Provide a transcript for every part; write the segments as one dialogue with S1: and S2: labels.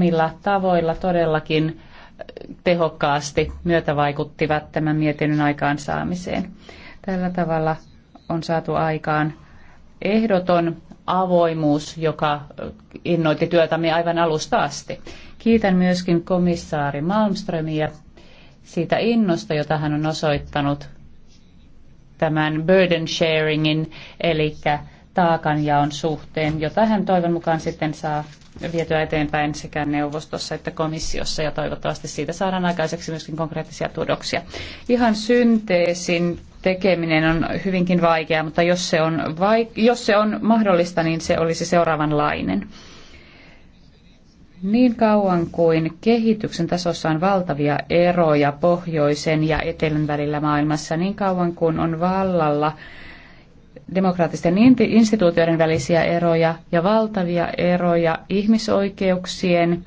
S1: millä tavoilla todellakin tehokkaasti myötävaikuttivat tämän mietinnön aikaansaamiseen. Tällä tavalla on saatu aikaan ehdoton avoimuus, joka innoitti työtämme aivan alusta asti. Kiitän myöskin komissaari Malmströmiä siitä innosta, jota hän on osoittanut tämän burden sharingin, eli taakanjaon suhteen, jota hän toivon mukaan sitten saa vietyä eteenpäin sekä neuvostossa että komissiossa ja toivottavasti siitä saadaan aikaiseksi myöskin konkreettisia tuloksia. Ihan synteesin tekeminen on hyvinkin vaikeaa, mutta jos se on, vaik- jos se on mahdollista, niin se olisi seuraavanlainen. Niin kauan kuin kehityksen tasossa on valtavia eroja pohjoisen ja etelän välillä maailmassa, niin kauan kuin on vallalla demokraattisten instituutioiden välisiä eroja ja valtavia eroja ihmisoikeuksien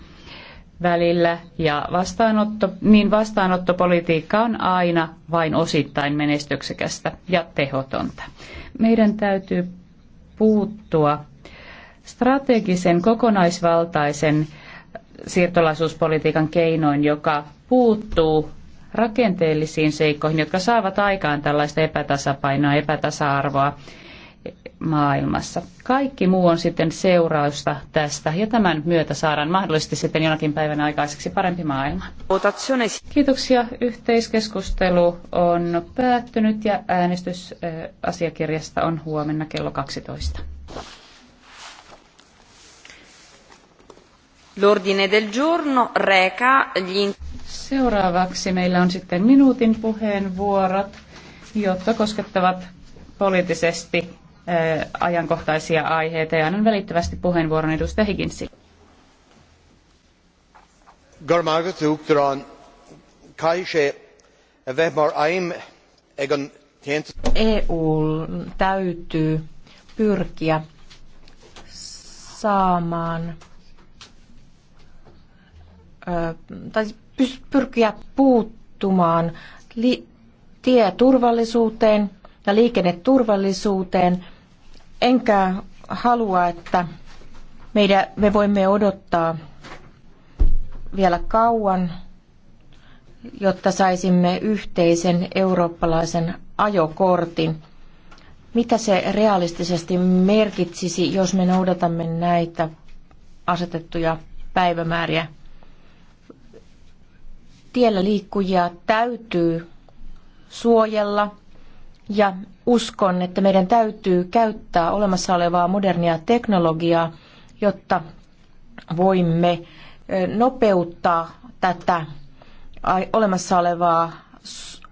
S1: välillä ja vastaanotto, niin vastaanottopolitiikka on aina vain osittain menestyksekästä ja tehotonta. Meidän täytyy puuttua strategisen kokonaisvaltaisen siirtolaisuuspolitiikan keinoin, joka puuttuu rakenteellisiin seikkoihin, jotka saavat aikaan tällaista epätasapainoa, epätasa-arvoa maailmassa. Kaikki muu on sitten seurausta tästä ja tämän myötä saadaan mahdollisesti sitten jonakin päivän aikaiseksi parempi maailma. Kiitoksia. Yhteiskeskustelu on päättynyt ja äänestys asiakirjasta on huomenna kello 12.
S2: L'ordine del giorno reca gli
S1: Seuraavaksi meillä on sitten minuutin puheenvuorot, jotka koskettavat poliittisesti ajankohtaisia aiheita. Ja annan välittömästi puheenvuoron edustaja Higginsi.
S3: EU e täytyy pyrkiä saamaan tai pyrkiä puuttumaan li- tieturvallisuuteen ja liikenneturvallisuuteen, enkä halua, että meidän, me voimme odottaa vielä kauan, jotta saisimme yhteisen eurooppalaisen ajokortin. Mitä se realistisesti merkitsisi, jos me noudatamme näitä asetettuja päivämääriä? tiellä liikkujia täytyy suojella ja uskon, että meidän täytyy käyttää olemassa olevaa modernia teknologiaa, jotta voimme nopeuttaa tätä olemassa olevaa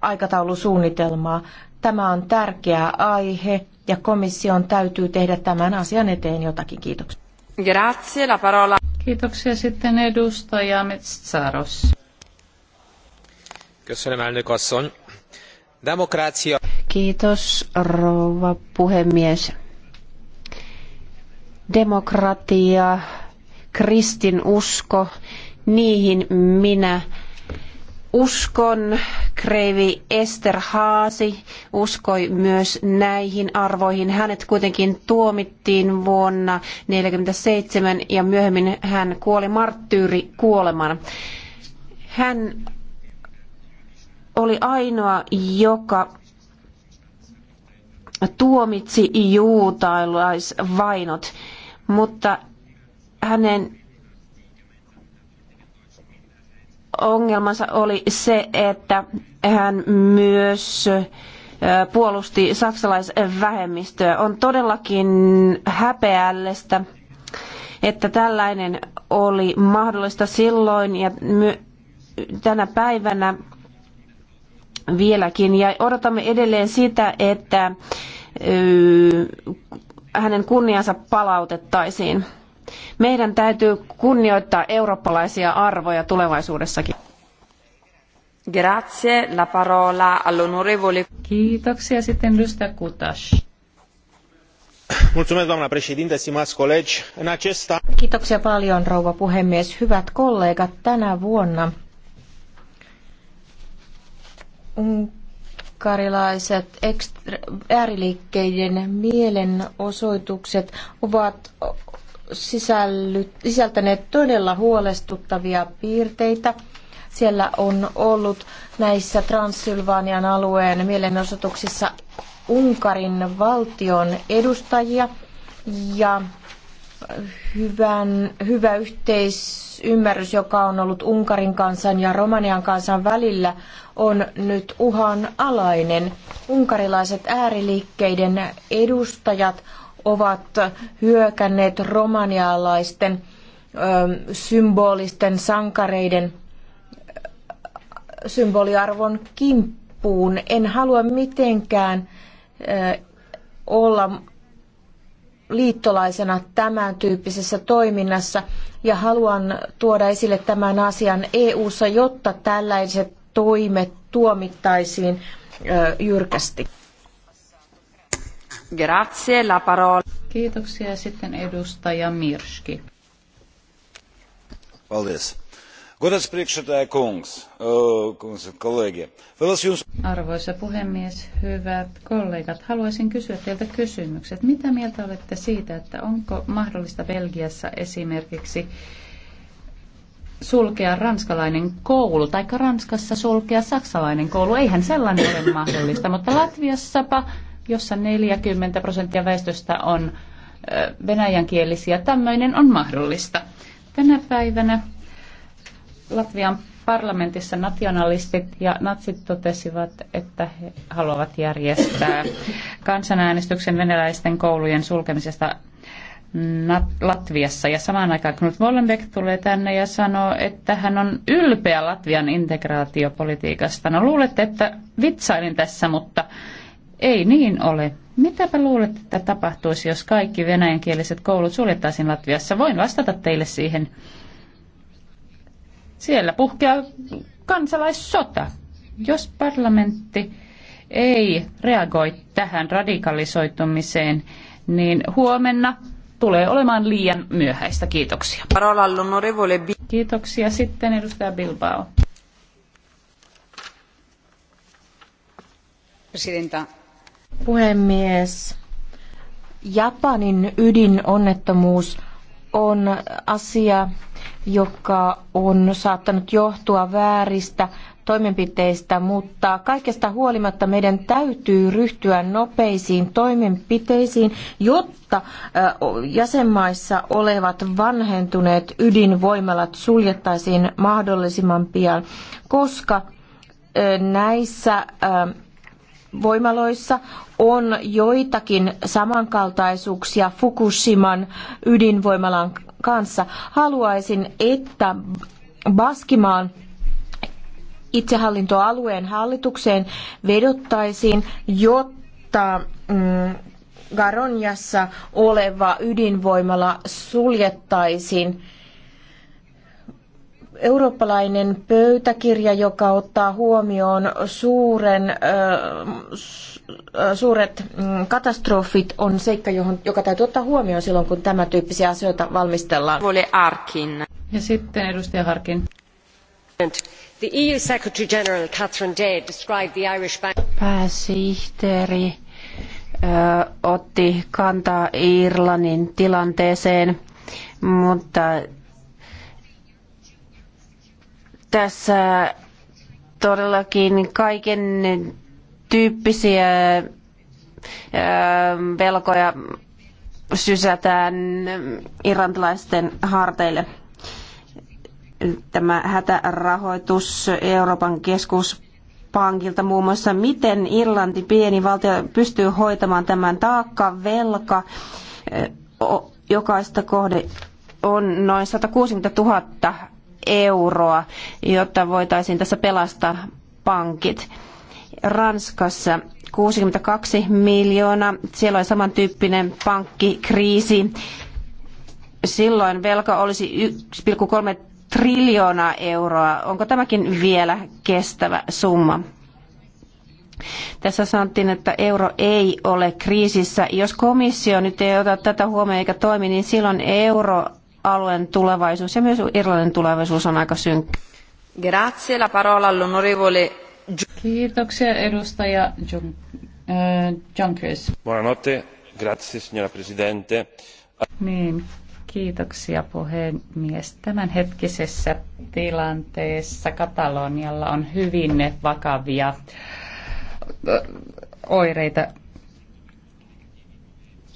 S3: aikataulusuunnitelmaa. Tämä on tärkeä aihe ja komission täytyy tehdä tämän asian eteen jotakin. Kiitoksia. Grazie,
S1: la parola. Kiitoksia sitten edustaja Metsaros.
S3: Demokratia.
S2: Kiitos rouva puhemies. Demokratia, kristinusko, niihin minä uskon. Kreivi Ester Haasi uskoi myös näihin arvoihin. Hänet kuitenkin tuomittiin vuonna 1947 ja myöhemmin hän kuoli marttyyri kuoleman. Hän oli ainoa, joka tuomitsi juutalaisvainot, mutta hänen ongelmansa oli se, että hän myös puolusti saksalaisvähemmistöä. On todellakin häpeällistä, että tällainen oli mahdollista silloin ja tänä päivänä vieläkin ja odotamme edelleen sitä, että hänen kunniansa palautettaisiin. Meidän täytyy kunnioittaa eurooppalaisia arvoja tulevaisuudessakin. Grazie, la parola all'onorevole. Kiitoksia
S3: sitten Rystä Kutas.
S2: Mulțumesc, doamna președinte, stimați colegi. În acesta...
S3: Kiitoksia paljon, rouva puhemies. Hyvät kollegat, tänä vuonna unkarilaiset ekstra- ääriliikkeiden mielenosoitukset ovat sisältäneet todella huolestuttavia piirteitä. Siellä on ollut näissä Transsylvanian alueen mielenosoituksissa Unkarin valtion edustajia ja hyvän, hyvä yhteisymmärrys, joka on ollut Unkarin kansan ja Romanian kansan välillä, on nyt uhanalainen. alainen. Unkarilaiset ääriliikkeiden edustajat ovat hyökänneet romanialaisten ö, symbolisten sankareiden symboliarvon kimppuun. En halua mitenkään ö, olla liittolaisena tämän tyyppisessä toiminnassa ja haluan tuoda esille tämän asian EU:ssa, jotta tällaiset toimet tuomittaisiin jyrkästi.
S2: Grazie, la parola.
S1: Kiitoksia. Sitten edustaja Mirski.
S2: Paldies. Godas kungs,
S1: Arvoisa puhemies, hyvät kollegat, haluaisin kysyä teiltä kysymykset. Mitä mieltä olette siitä, että onko mahdollista Belgiassa esimerkiksi sulkea ranskalainen koulu, tai Ranskassa sulkea saksalainen koulu. Eihän sellainen ole mahdollista, mutta Latviassapa, jossa 40 prosenttia väestöstä on venäjänkielisiä, tämmöinen on mahdollista. Tänä päivänä Latvian parlamentissa nationalistit ja natsit totesivat, että he haluavat järjestää kansanäänestyksen venäläisten koulujen sulkemisesta Latviassa. Ja samaan aikaan Knut Wollenbeck tulee tänne ja sanoo, että hän on ylpeä Latvian integraatiopolitiikasta. No luulette, että vitsailin tässä, mutta ei niin ole. Mitäpä luulette, että tapahtuisi, jos kaikki venäjänkieliset koulut suljettaisiin Latviassa? Voin vastata teille siihen siellä puhkeaa kansalaissota. Jos parlamentti ei reagoi tähän radikalisoitumiseen, niin huomenna tulee olemaan liian myöhäistä. Kiitoksia. Kiitoksia. Sitten edustaja Bilbao. Presidenta.
S3: Puhemies. Japanin ydinonnettomuus on asia, joka on saattanut johtua vääristä toimenpiteistä, mutta kaikesta huolimatta meidän täytyy ryhtyä nopeisiin toimenpiteisiin, jotta jäsenmaissa olevat vanhentuneet ydinvoimalat suljettaisiin mahdollisimman pian, koska näissä voimaloissa on joitakin samankaltaisuuksia Fukushiman ydinvoimalan kanssa. Haluaisin, että Baskimaan itsehallintoalueen hallitukseen vedottaisiin, jotta mm, Garonjassa oleva ydinvoimala suljettaisiin eurooppalainen pöytäkirja, joka ottaa huomioon suuren, suuret mm, katastrofit, on seikka, johon, joka täytyy ottaa huomioon silloin, kun tämä tyyppisiä asioita valmistellaan. Vole Arkin. Ja sitten edustaja Harkin.
S2: The EU
S1: Secretary General Catherine Day described the Irish
S2: Bank... Pääsihteeri ö, otti kantaa Irlannin tilanteeseen, mutta tässä todellakin kaiken tyyppisiä ähm, velkoja sysätään irantilaisten harteille. Tämä hätärahoitus Euroopan keskuspankilta muun muassa, miten Irlanti, pieni valtio, pystyy hoitamaan tämän taakka velka jokaista kohde on noin 160 000 euroa, jotta voitaisiin tässä pelastaa pankit. Ranskassa 62 miljoonaa, siellä oli samantyyppinen pankkikriisi. Silloin velka olisi 1,3 triljoonaa euroa. Onko tämäkin vielä kestävä summa? Tässä sanottiin, että euro ei ole kriisissä. Jos komissio nyt ei ota tätä huomioon eikä toimi, niin silloin euro alueen tulevaisuus ja myös Irlannin tulevaisuus on aika synkkä.
S1: Grazie, la parola all'onorevole... Kiitoksia edustaja John, äh, John Buonanotte, grazie signora Presidente. Niin, kiitoksia puhemies. Tämänhetkisessä tilanteessa Katalonialla on hyvin vakavia äh, oireita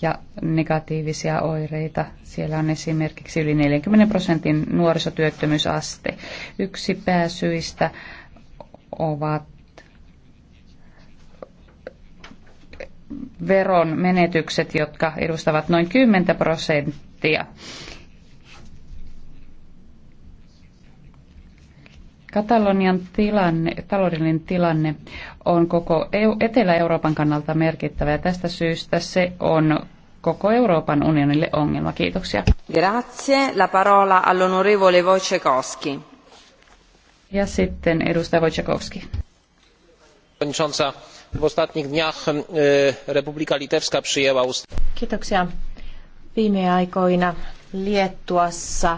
S1: ja negatiivisia oireita. Siellä on esimerkiksi yli 40 prosentin nuorisotyöttömyysaste. Yksi pääsyistä ovat veron menetykset, jotka edustavat noin 10 prosenttia Katalonian tilanne, taloudellinen tilanne on koko e Etelä-Euroopan kannalta merkittävä ja tästä syystä se on koko Euroopan unionille ongelma. Kiitoksia.
S2: Grazie. La parola all'onorevole Wojciechowski.
S1: Ja sitten edustaja Wojciechowski.
S3: E, Kiitoksia. Viime aikoina Liettuassa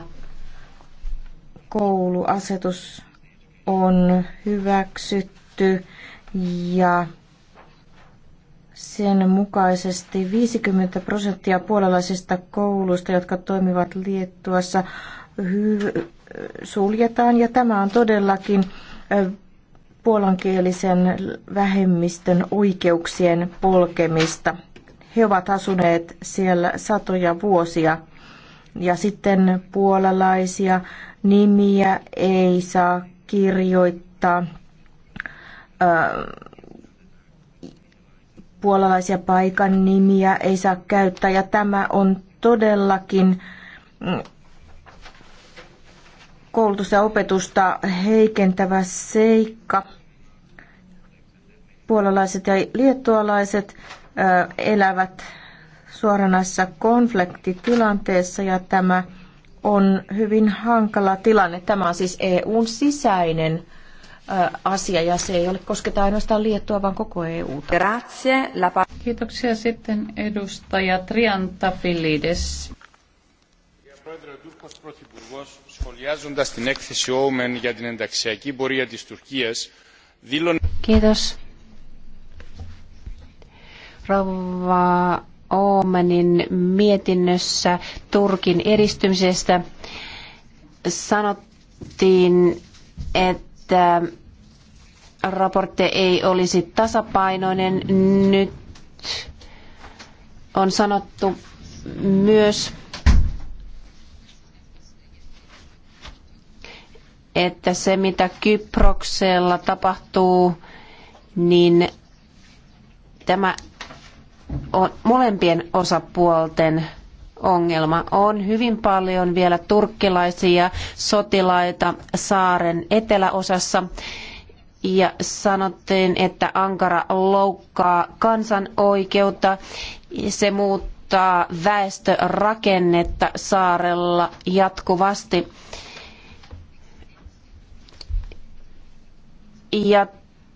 S3: kouluasetus on hyväksytty ja sen mukaisesti 50 prosenttia puolalaisista kouluista, jotka toimivat Liettuassa, suljetaan. Ja tämä on todellakin puolankielisen vähemmistön oikeuksien polkemista. He ovat asuneet siellä satoja vuosia ja sitten puolalaisia nimiä ei saa kirjoittaa puolalaisia paikan nimiä ei saa käyttää ja tämä on todellakin mm, koulutus- ja opetusta heikentävä seikka. Puolalaiset ja liettualaiset elävät suoranaisessa konfliktitilanteessa ja tämä on hyvin hankala tilanne. Tämä on siis EUn sisäinen asia ja se ei ole kosketa ainoastaan Liettua, vaan koko EU. Grazie. Kiitoksia sitten edustaja
S1: Triantafilides.
S3: Σχολιάζοντας την έκθεση για την ενταξιακή πορεία της Τουρκίας, δήλωνε...
S2: Kiitos. Rouva Oomenin mietinnössä Turkin edistymisestä sanottiin, että raportti ei olisi tasapainoinen. Nyt on sanottu myös, että se mitä Kyproksella tapahtuu, niin tämä on molempien osapuolten ongelma. On hyvin paljon vielä turkkilaisia sotilaita saaren eteläosassa ja sanottiin, että Ankara loukkaa kansan oikeutta. Se muuttaa väestörakennetta saarella jatkuvasti. Ja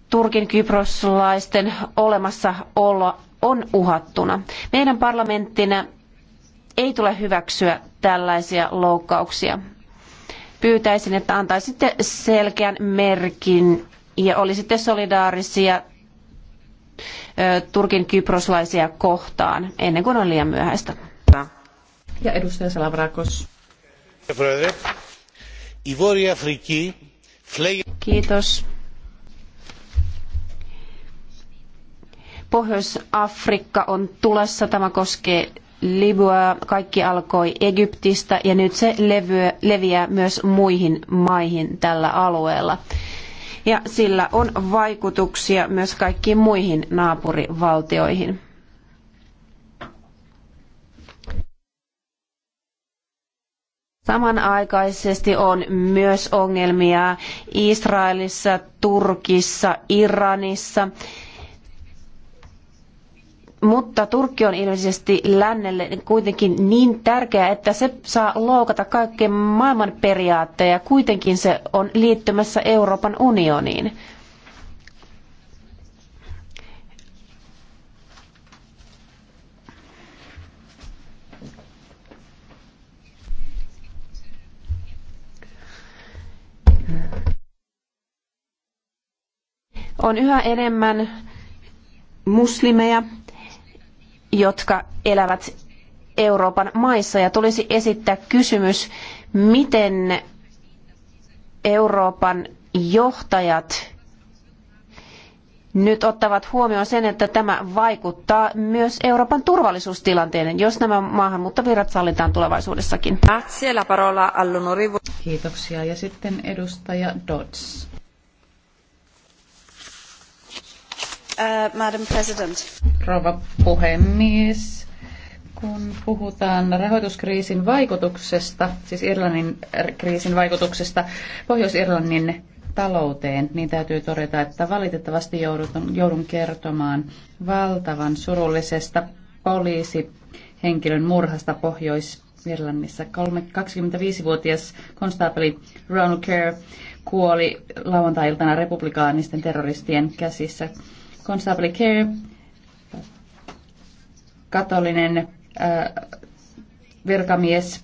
S2: Turkin kyproslaisten olemassaolo on uhattuna. Meidän parlamenttina ei tule hyväksyä tällaisia loukkauksia. Pyytäisin, että antaisitte selkeän merkin ja olisitte solidaarisia Turkin kyproslaisia kohtaan ennen kuin on liian myöhäistä.
S1: Ja edustaja Salavrakos.
S2: Kiitos. Pohjois-Afrikka on tulessa, tämä koskee Libyaa, kaikki alkoi Egyptistä ja nyt se leviää myös muihin maihin tällä alueella. Ja sillä on vaikutuksia myös kaikkiin muihin naapurivaltioihin. Samanaikaisesti on myös ongelmia Israelissa, Turkissa, Iranissa mutta Turkki on ilmeisesti lännelle kuitenkin niin tärkeä, että se saa loukata kaikkien maailman periaatteja. Kuitenkin se on liittymässä Euroopan unioniin. on yhä enemmän muslimeja, jotka elävät Euroopan maissa ja tulisi esittää kysymys, miten Euroopan johtajat nyt ottavat huomioon sen, että tämä vaikuttaa myös Euroopan turvallisuustilanteen, jos nämä maahanmuuttovirrat sallitaan tulevaisuudessakin. Kiitoksia. Ja sitten edustaja Dodds. Uh, Madam President
S1: rouva puhemies. Kun puhutaan rahoituskriisin vaikutuksesta, siis Irlannin kriisin vaikutuksesta Pohjois-Irlannin talouteen, niin täytyy todeta, että valitettavasti joudun, joudun kertomaan valtavan surullisesta poliisihenkilön murhasta Pohjois-Irlannissa. 25-vuotias konstaapeli Ronald Kerr kuoli lauantai-iltana republikaanisten terroristien käsissä. Konstaapeli Kerr katolinen virkamies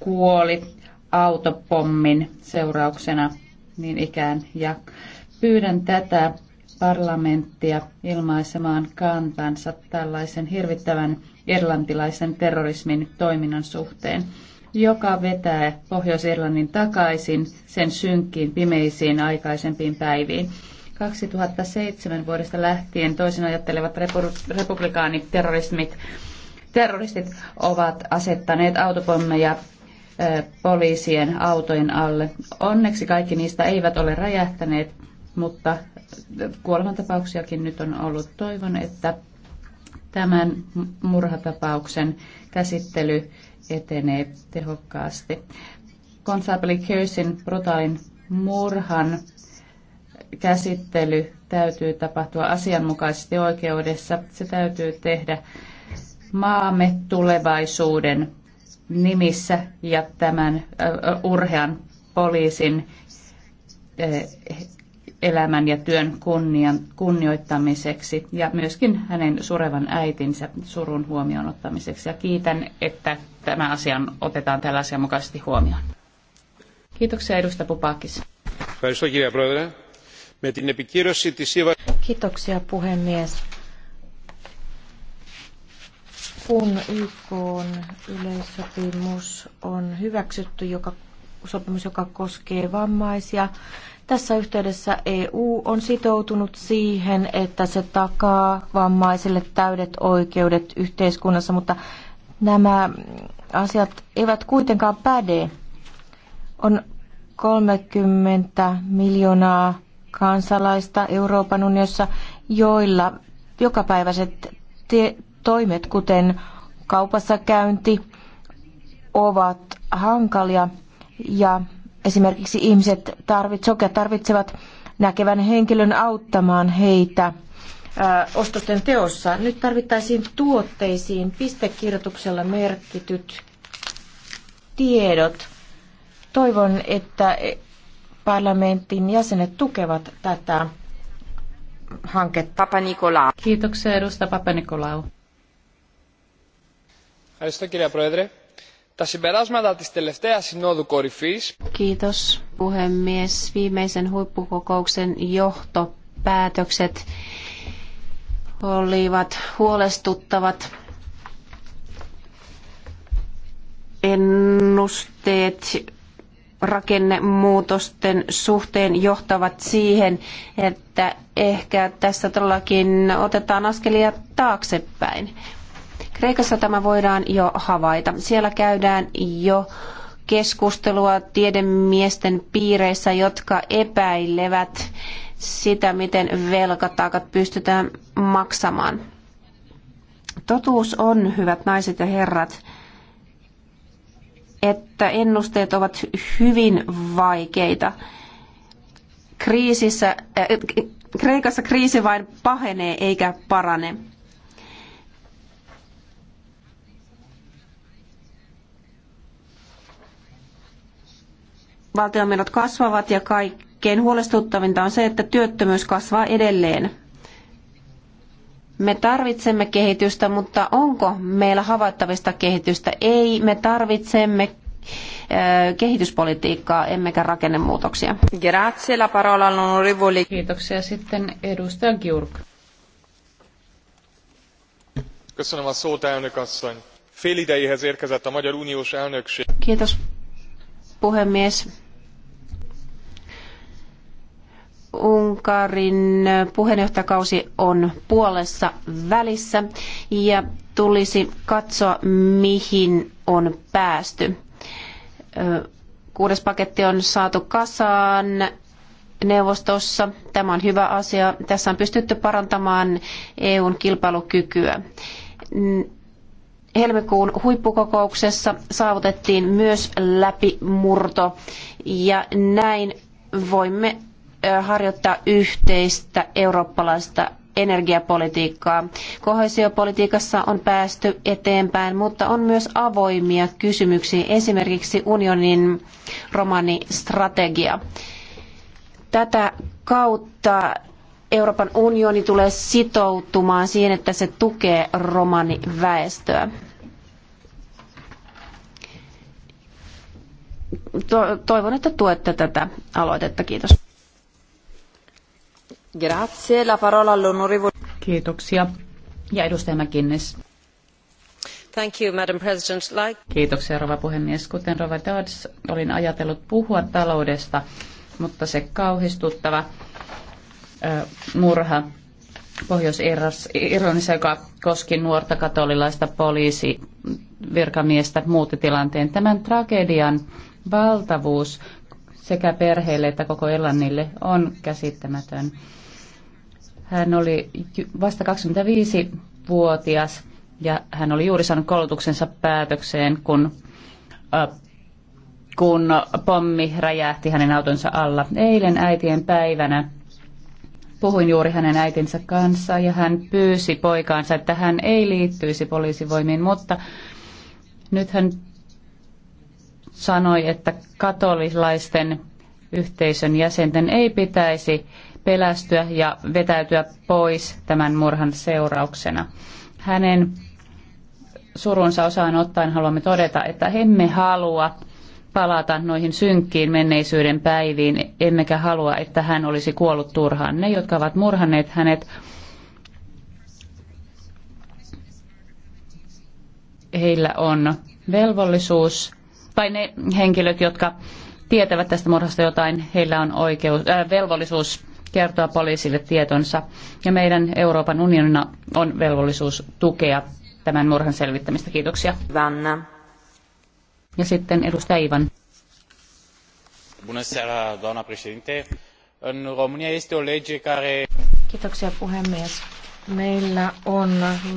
S1: kuoli autopommin seurauksena niin ikään. Ja pyydän tätä parlamenttia ilmaisemaan kantansa tällaisen hirvittävän irlantilaisen terrorismin toiminnan suhteen, joka vetää Pohjois-Irlannin takaisin sen synkkiin, pimeisiin aikaisempiin päiviin. 2007 vuodesta lähtien toisin ajattelevat republikaanit, terrorismit, terroristit ovat asettaneet autopommeja poliisien autojen alle. Onneksi kaikki niistä eivät ole räjähtäneet, mutta kuolemantapauksiakin nyt on ollut. Toivon, että tämän murhatapauksen käsittely etenee tehokkaasti. Konstaapeli Kersin brutaalin murhan käsittely täytyy tapahtua asianmukaisesti oikeudessa. Se täytyy tehdä maamme tulevaisuuden nimissä ja tämän urhean poliisin elämän ja työn kunnian, kunnioittamiseksi ja myöskin hänen surevan äitinsä surun huomioon ottamiseksi. Ja kiitän, että tämä asia otetaan tällä asianmukaisesti huomioon. Kiitoksia
S3: edustaja Pupakis. Kiitos, Kiitoksia puhemies. Kun YK on yleissopimus on hyväksytty, joka, sopimus, joka koskee vammaisia, tässä yhteydessä EU on sitoutunut siihen, että se takaa vammaisille täydet oikeudet yhteiskunnassa, mutta nämä asiat eivät kuitenkaan päde. On 30 miljoonaa kansalaista Euroopan unionissa, joilla jokapäiväiset toimet, kuten kaupassa käynti, ovat hankalia ja esimerkiksi ihmiset sokeat tarvitsevat näkevän henkilön auttamaan heitä ostosten teossa. Nyt tarvittaisiin tuotteisiin pistekirjoituksella merkityt tiedot. Toivon, että parlamentin jäsenet tukevat tätä hanketta. Papa Nikolaou. Kiitoksia edustaja Papa Nikolaou.
S2: Kiitos puhemies. Viimeisen huippukokouksen johtopäätökset olivat huolestuttavat ennusteet rakennemuutosten suhteen johtavat siihen, että ehkä tässä todellakin otetaan askelia taaksepäin. Kreikassa tämä voidaan jo havaita. Siellä käydään jo keskustelua tiedemiesten piireissä, jotka epäilevät sitä, miten velkataakat pystytään maksamaan. Totuus on, hyvät naiset ja herrat, että ennusteet ovat hyvin vaikeita. Kriisissä, äh, Kreikassa kriisi vain pahenee eikä parane. Valtionmenot kasvavat ja kaikkein huolestuttavinta on se, että työttömyys kasvaa edelleen. Me tarvitsemme kehitystä, mutta onko meillä havaittavista kehitystä? Ei, me tarvitsemme äh, kehityspolitiikkaa, emmekä rakennemuutoksia.
S1: Grazie, la parola all'onorevole. Kiitoksia sitten edustaja Giurk.
S3: Köszönöm a szót, elnök asszony. Fél idejéhez érkezett a Magyar Uniós elnökség.
S2: Kiitos, puhemies Unkarin puheenjohtajakausi on puolessa välissä ja tulisi katsoa, mihin on päästy. Kuudes paketti on saatu kasaan neuvostossa. Tämä on hyvä asia. Tässä on pystytty parantamaan EUn kilpailukykyä. Helmikuun huippukokouksessa saavutettiin myös läpimurto ja näin voimme harjoittaa yhteistä eurooppalaista energiapolitiikkaa. Kohesiopolitiikassa on päästy eteenpäin, mutta on myös avoimia kysymyksiä, esimerkiksi unionin romanistrategia. Tätä kautta Euroopan unioni tulee sitoutumaan siihen, että se tukee romaniväestöä. Toivon, että tuette tätä aloitetta. Kiitos. Grazie, la parola all'onorevole.
S1: Kiitoksia. Ja edustaja McGuinness.
S3: Thank you, Madam President. Like...
S1: Kiitoksia, rouva puhemies. Kuten rouva Dodds, olin ajatellut puhua taloudesta, mutta se kauhistuttava ö, murha Pohjois-Irlannissa, joka koski nuorta katolilaista poliisivirkamiestä muutti tilanteen. Tämän tragedian valtavuus sekä perheelle että koko Elannille on käsittämätön. Hän oli vasta 25-vuotias ja hän oli juuri saanut koulutuksensa päätökseen, kun, äh, kun pommi räjähti hänen autonsa alla. Eilen äitien päivänä puhuin juuri hänen äitinsä kanssa ja hän pyysi poikaansa, että hän ei liittyisi poliisivoimiin, mutta nyt hän sanoi, että katolilaisten yhteisön jäsenten ei pitäisi pelästyä ja vetäytyä pois tämän murhan seurauksena. Hänen surunsa osaan ottaen haluamme todeta, että emme halua palata noihin synkkiin menneisyyden päiviin, emmekä halua, että hän olisi kuollut turhaan. Ne, jotka ovat murhanneet hänet, heillä on velvollisuus vain ne henkilöt, jotka tietävät tästä murhasta jotain, heillä on oikeus, äh, velvollisuus kertoa poliisille tietonsa. Ja meidän Euroopan unionina on velvollisuus tukea tämän murhan selvittämistä. Kiitoksia. Vanna. Ja sitten edustaja Ivan.
S3: Bună seara, doamna președinte. În România este o lege care... Kiitoksia puhemies. Meillä on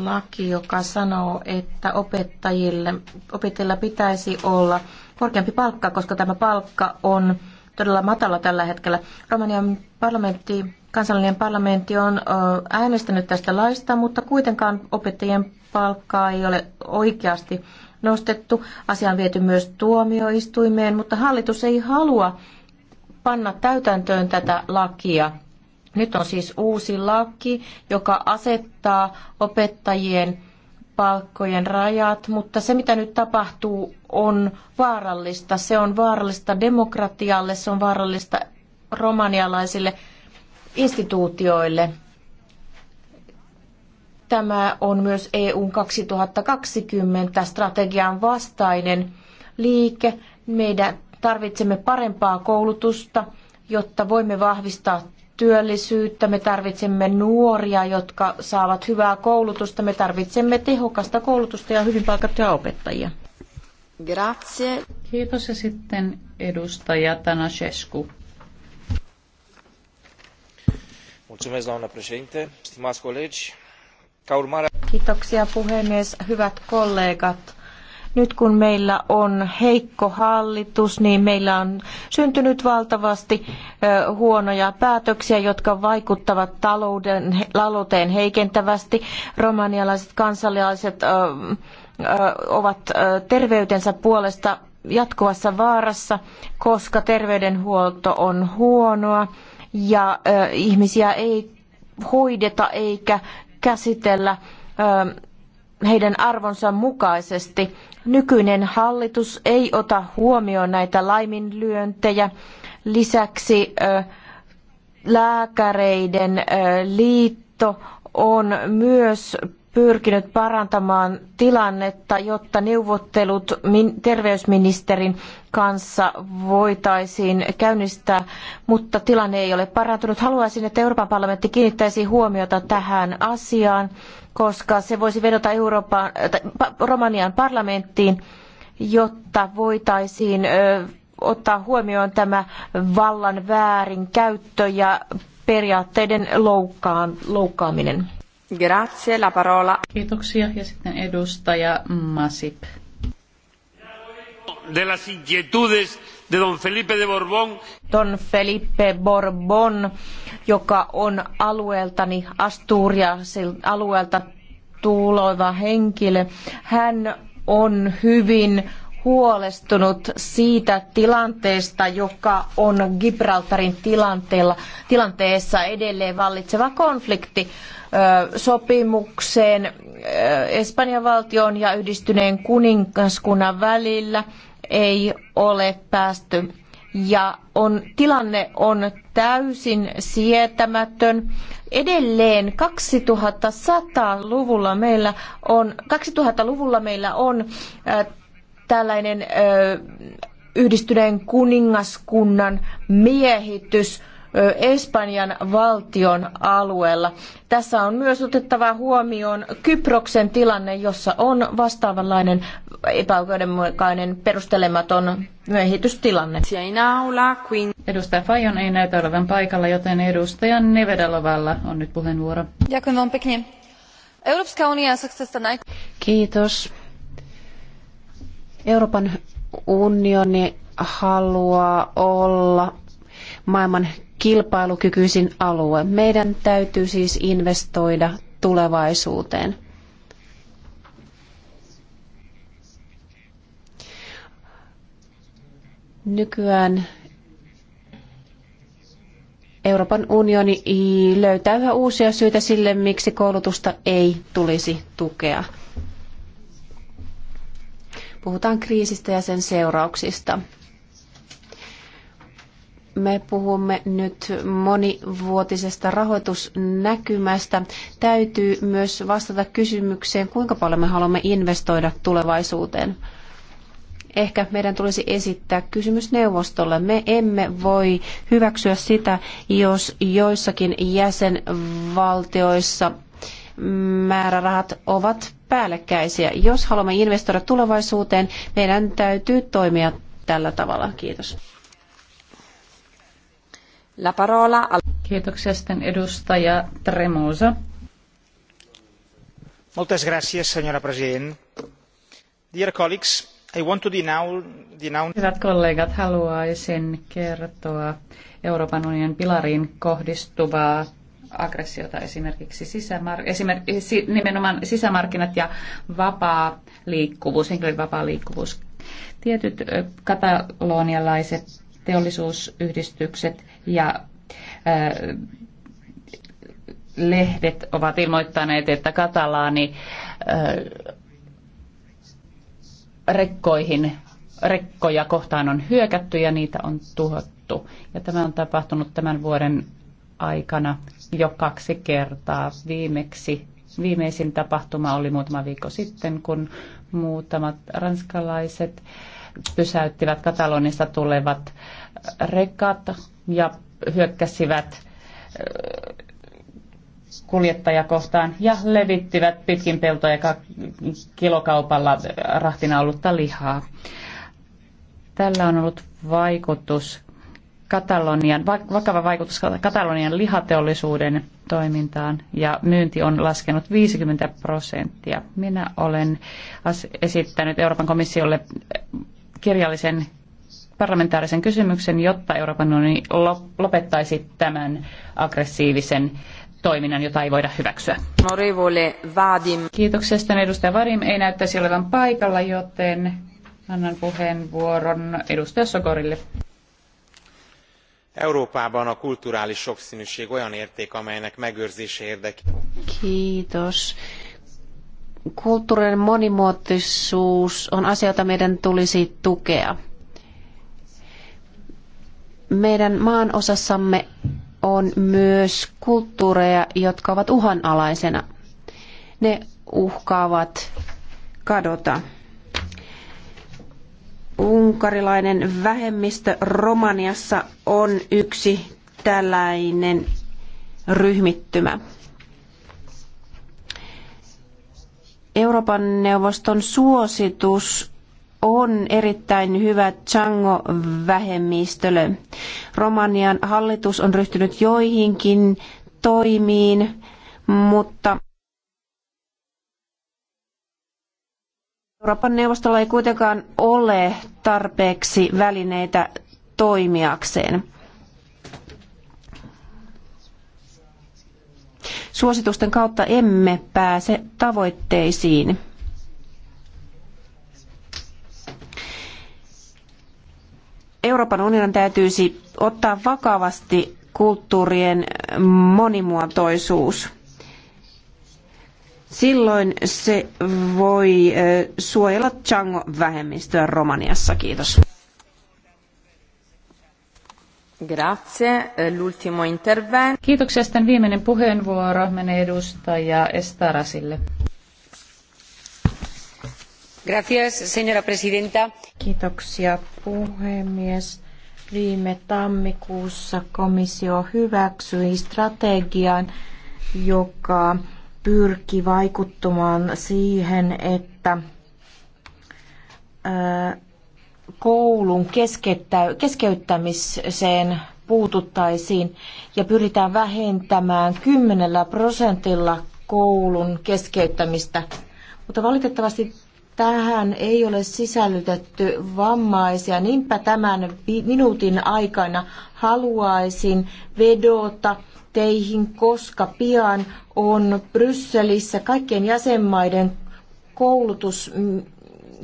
S3: laki, joka sanoo, että opettajille, opettajilla pitäisi olla korkeampi palkka, koska tämä palkka on todella matala tällä hetkellä. Romanian parlamentti, kansallinen parlamentti on äänestänyt tästä laista, mutta kuitenkaan opettajien palkkaa ei ole oikeasti nostettu. Asia on viety myös tuomioistuimeen, mutta hallitus ei halua panna täytäntöön tätä lakia. Nyt on siis uusi laki, joka asettaa opettajien palkkojen rajat, mutta se mitä nyt tapahtuu on vaarallista. Se on vaarallista demokratialle, se on vaarallista romanialaisille instituutioille. Tämä on myös EUn 2020 strategian vastainen liike. Meidän tarvitsemme parempaa koulutusta, jotta voimme vahvistaa työllisyyttä, me tarvitsemme nuoria, jotka saavat hyvää koulutusta, me tarvitsemme tehokasta koulutusta ja hyvin palkattuja opettajia.
S1: Grazie. Kiitos ja sitten
S3: edustaja
S1: Tanasescu.
S3: Mulțumesc, doamnă președinte, stimați colegi. Ca urmare... Kiitoksia puhemies, hyvät kollegat nyt kun meillä on heikko hallitus, niin meillä on syntynyt valtavasti huonoja päätöksiä, jotka vaikuttavat talouden, talouteen heikentävästi. Romanialaiset kansalaiset ovat terveytensä puolesta jatkuvassa vaarassa, koska terveydenhuolto on huonoa ja ihmisiä ei hoideta eikä käsitellä heidän arvonsa mukaisesti. Nykyinen hallitus ei ota huomioon näitä laiminlyöntejä. Lisäksi lääkäreiden liitto on myös pyrkinyt parantamaan tilannetta, jotta neuvottelut terveysministerin kanssa voitaisiin käynnistää, mutta tilanne ei ole parantunut. Haluaisin, että Euroopan parlamentti kiinnittäisi huomiota tähän asiaan, koska se voisi vedota Euroopan, Romanian parlamenttiin, jotta voitaisiin ottaa huomioon tämä vallan väärinkäyttö ja periaatteiden loukkaaminen. Grazie, la parola.
S1: Kiitoksia. Ja sitten edustaja Masip. De las inquietudes de Don Felipe de Borbón.
S3: Don Felipe Borbón, joka on alueeltani Asturiasin alueelta tuleva henkilö. Hän on hyvin huolestunut siitä tilanteesta, joka on Gibraltarin tilanteella, tilanteessa edelleen vallitseva konflikti sopimukseen Espanjan valtion ja yhdistyneen kuningaskunnan välillä ei ole päästy. Ja on, tilanne on täysin sietämätön. Edelleen 2100-luvulla meillä on, 2000-luvulla meillä on tällainen yhdistyneen kuningaskunnan miehitys Espanjan valtion alueella. Tässä on myös otettava huomioon Kyproksen tilanne, jossa on vastaavanlainen epäoikeudenmukainen perustelematon miehitystilanne.
S1: Edustaja Fajon ei näytä olevan paikalla, joten edustaja Nevedalovalla on nyt puheenvuoro.
S2: Kiitos. Euroopan unioni haluaa olla maailman kilpailukykyisin alue. Meidän täytyy siis investoida tulevaisuuteen. Nykyään Euroopan unioni löytää yhä uusia syitä sille, miksi koulutusta ei tulisi tukea. Puhutaan kriisistä ja sen seurauksista. Me puhumme nyt monivuotisesta rahoitusnäkymästä. Täytyy myös vastata kysymykseen, kuinka paljon me haluamme investoida tulevaisuuteen ehkä meidän tulisi esittää kysymys neuvostolle. Me emme voi hyväksyä sitä, jos joissakin jäsenvaltioissa määrärahat ovat päällekkäisiä. Jos haluamme investoida tulevaisuuteen, meidän täytyy toimia tällä tavalla. Kiitos. La
S1: parola. Kiitoksia sitten edustaja Tremosa.
S3: Moltes gracias, señora president. Dear colleagues, I want to denounce... Denoun... Hyvät
S1: kollegat, haluaisin kertoa Euroopan unionin pilariin kohdistuvaa aggressiota esimerkiksi sisämar- esimerkiksi nimenomaan sisämarkkinat ja vapaa liikkuvuus, henkilön vapaa liikkuvuus. Tietyt katalonialaiset teollisuusyhdistykset ja ö, lehdet ovat ilmoittaneet, että katalaani ö, rekkoihin, rekkoja kohtaan on hyökätty ja niitä on tuhottu. Ja tämä on tapahtunut tämän vuoden aikana jo kaksi kertaa. Viimeksi, viimeisin tapahtuma oli muutama viikko sitten, kun muutamat ranskalaiset pysäyttivät Katalonista tulevat rekat ja hyökkäsivät kuljettajakohtaan ja levittivät pitkin peltoja kilokaupalla rahtina ollutta lihaa. Tällä on ollut vaikutus Katalonian, vakava vaikutus Katalonian lihateollisuuden toimintaan ja myynti on laskenut 50 prosenttia. Minä olen esittänyt Euroopan komissiolle kirjallisen parlamentaarisen kysymyksen, jotta Euroopan unioni lopettaisi tämän aggressiivisen toiminnan, jota ei voida hyväksyä. Kiitoksia. Sitten edustaja Vadim ei näyttäisi olevan paikalla, joten annan puheenvuoron edustaja Sokorille
S3: európában a kulturális soksznűség olyan érték amelynek megőrzése érdekében.
S2: on asia, jota meidän tulisi tukea. Meidän maan osassamme on myös kulttuureja, jotka ovat uhanalaisena. Ne uhkaavat kadota. Unkarilainen vähemmistö Romaniassa on yksi tällainen ryhmittymä. Euroopan neuvoston suositus on erittäin hyvä Chango-vähemmistölle. Romanian hallitus on ryhtynyt joihinkin toimiin, mutta Euroopan neuvostolla ei kuitenkaan ole tarpeeksi välineitä toimijakseen. Suositusten kautta emme pääse tavoitteisiin. Euroopan unionin täytyisi ottaa vakavasti kulttuurien monimuotoisuus. Silloin se voi eh, suojella Chango-vähemmistöä Romaniassa. Kiitos.
S1: Grazie. Eh, l'ultimo intervento. Kiitoksia. Sitten viimeinen puheenvuoro menee edustaja
S3: Estarasille. Gracias, señora presidenta. Kiitoksia, puhemies. Viime tammikuussa komissio hyväksyi strategian, joka pyrki vaikuttamaan siihen, että koulun keskeyttämiseen puututtaisiin ja pyritään vähentämään kymmenellä prosentilla koulun keskeyttämistä. Mutta valitettavasti tähän ei ole sisällytetty vammaisia. Niinpä tämän minuutin aikana haluaisin vedota teihin, koska pian on Brysselissä kaikkien jäsenmaiden koulutus,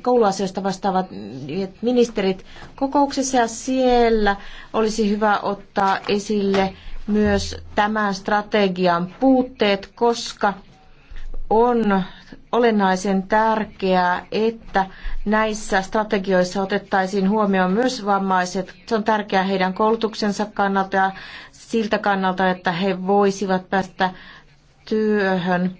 S3: kouluasioista vastaavat ministerit kokouksessa ja siellä olisi hyvä ottaa esille myös tämän strategian puutteet, koska on olennaisen tärkeää, että näissä strategioissa otettaisiin huomioon myös vammaiset. Se on tärkeää heidän koulutuksensa kannalta ja siltä kannalta, että he voisivat päästä työhön.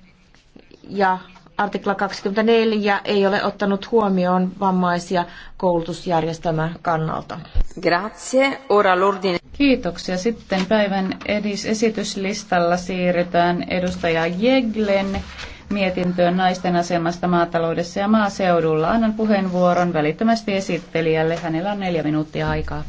S3: Ja artikla 24 ei ole ottanut huomioon vammaisia koulutusjärjestelmän kannalta. Grazie.
S2: Ora l'ordine.
S1: Kiitoksia. Sitten päivän edis esityslistalla siirrytään edustaja Jeglen mietintöön naisten asemasta maataloudessa ja maaseudulla. Annan puheenvuoron välittömästi esittelijälle. Hänellä on neljä minuuttia aikaa.